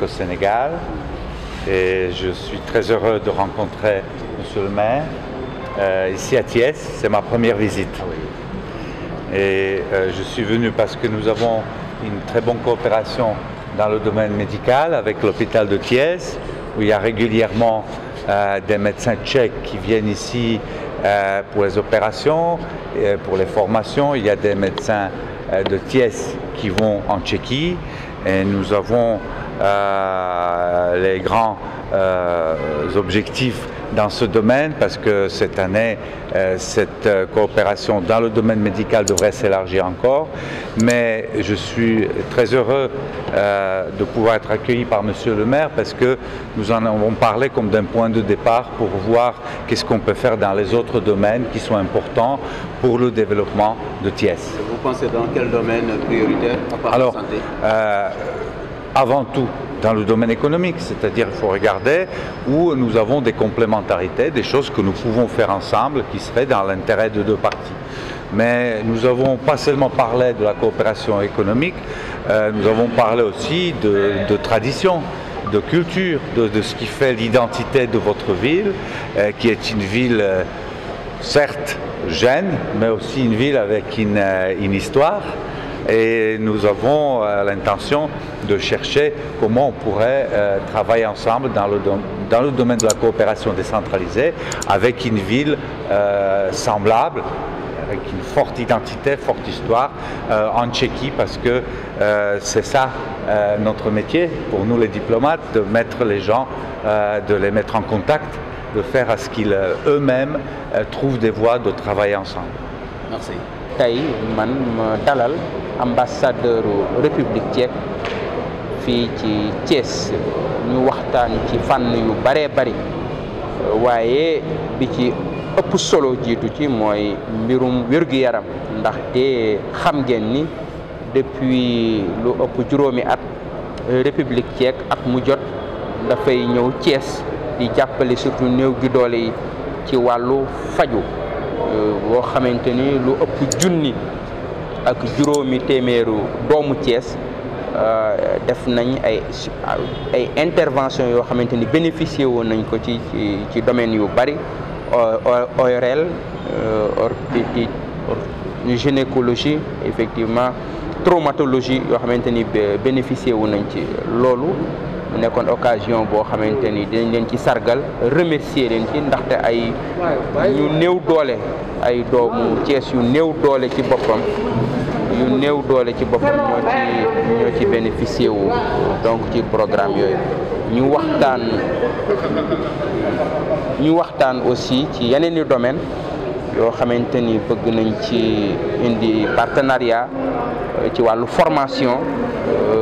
au Sénégal. Et je suis très heureux de rencontrer Monsieur le maire euh, ici à Thiès. C'est ma première visite. Ah et euh, je suis venu parce que nous avons une très bonne coopération dans le domaine médical avec l'hôpital de Thiès, où il y a régulièrement euh, des médecins tchèques qui viennent ici pour les opérations, et pour les formations. Il y a des médecins de Thiès qui vont en Tchéquie. Et nous avons euh, les grands euh, objectifs dans ce domaine parce que cette année, euh, cette coopération dans le domaine médical devrait s'élargir encore. Mais je suis très heureux de pouvoir être accueilli par Monsieur le maire parce que nous en avons parlé comme d'un point de départ pour voir qu'est-ce qu'on peut faire dans les autres domaines qui sont importants pour le développement de Thiès. Vous pensez dans quel domaine prioritaire à part Alors, la santé avant tout dans le domaine économique, c'est-à-dire il faut regarder où nous avons des complémentarités, des choses que nous pouvons faire ensemble qui seraient dans l'intérêt de deux parties. Mais nous avons pas seulement parlé de la coopération économique, euh, nous avons parlé aussi de, traditions, tradition de culture, de, ce qui fait l'identité de votre ville, euh, qui est une ville euh, certes jeune, mais aussi une ville avec une histoire et nous avons euh, l'intention de chercher comment on pourrait euh, travailler ensemble dans le, dans le domaine de la coopération décentralisée avec une ville euh, semblable avec une forte identité, forte histoire en Tchéquie parce que c'est ça notre métier pour nous les diplomates, de mettre les gens, de les mettre en contact, de faire à ce qu'ils eux-mêmes trouvent des voies de travailler ensemble. Merci. tay man ma dalal ambassadeur république tchèque fi ci Thiès ñu waxtaan ci fànn yu bare bare waye bi ci ëpp solo jitu ci moy mbirum wërgu yaram ndax té xam ngeen ni depuis lu ëpp juroomi at république tchèque ak mu jot fay ñëw Thiès di jappalé surtout neew gi doole ci walu faju Euh, boo xamante ni lu ëpp junni ak juróomi téeméeru doomu Thiès euh, def nañ ay ay intervention yoo xamante ni bénéficié woon nañ ko ci ci ci domaine yu bari ORL euh, orthopédie gynécologie effectivement traumatologie yoo xamante ni bénéficié wu nañ ci loolu mu nekkoon occasion boo xamante ni dinañ leen ci sargal remercier leen ci ndaxte ay ñu néew doole ay doomu Cees yu néew doole ci boppam yu néew doole ci boppam ñoo ci ñoo bénéficier wu donc ci programme yooyu ñu waxtaan ñu waxtaan aussi ci yeneen i domaine yoo xamante ni bëgg nañ ci indi partenariat euh, ci wàllu formation euh,